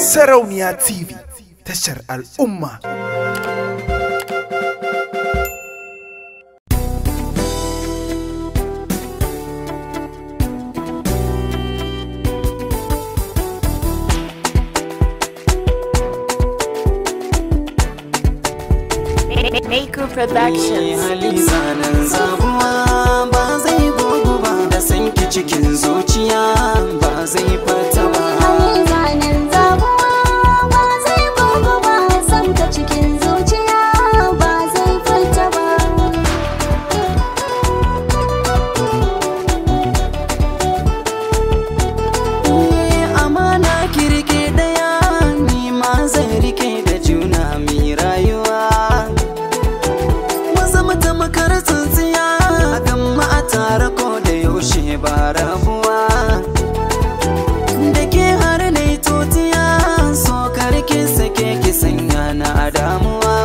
Sarauniya TV tashar al'umma. Maker halin zanen zabuwa ba zai gugu ba da sanki cikin zuciya. rabuwa da ke har na tutiya totiya so karki sake ki sanya na a damuwa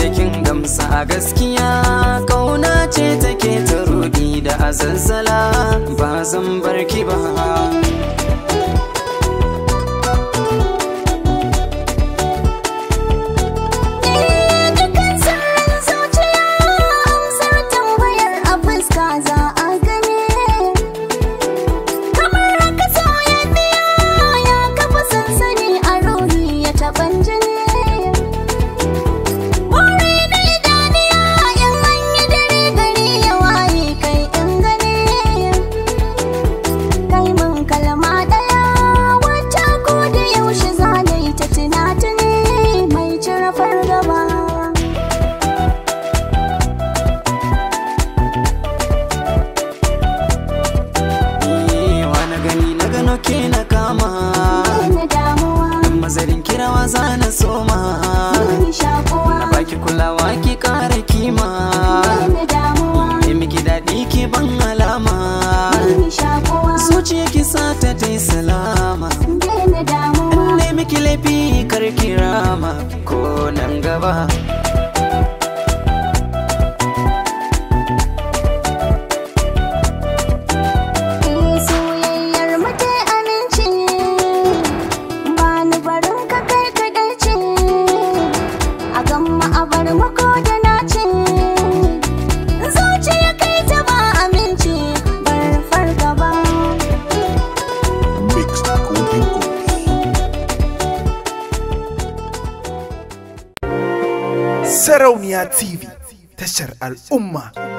da kin gamsa a gaskiya kauna ce take ta rudi da azazzala ba zan barki ba ke na kama mazarin kirawa za na soma na baki kulawa ki ƙara kima ya miki daɗi ki ban alama zuciya ki sata ta ta yi salama miki laifi kirama ko nan gaba mu a bar ko da nacin zuciya kai ta ba aminci bar fargaba Sarauniya TV tashar al'umma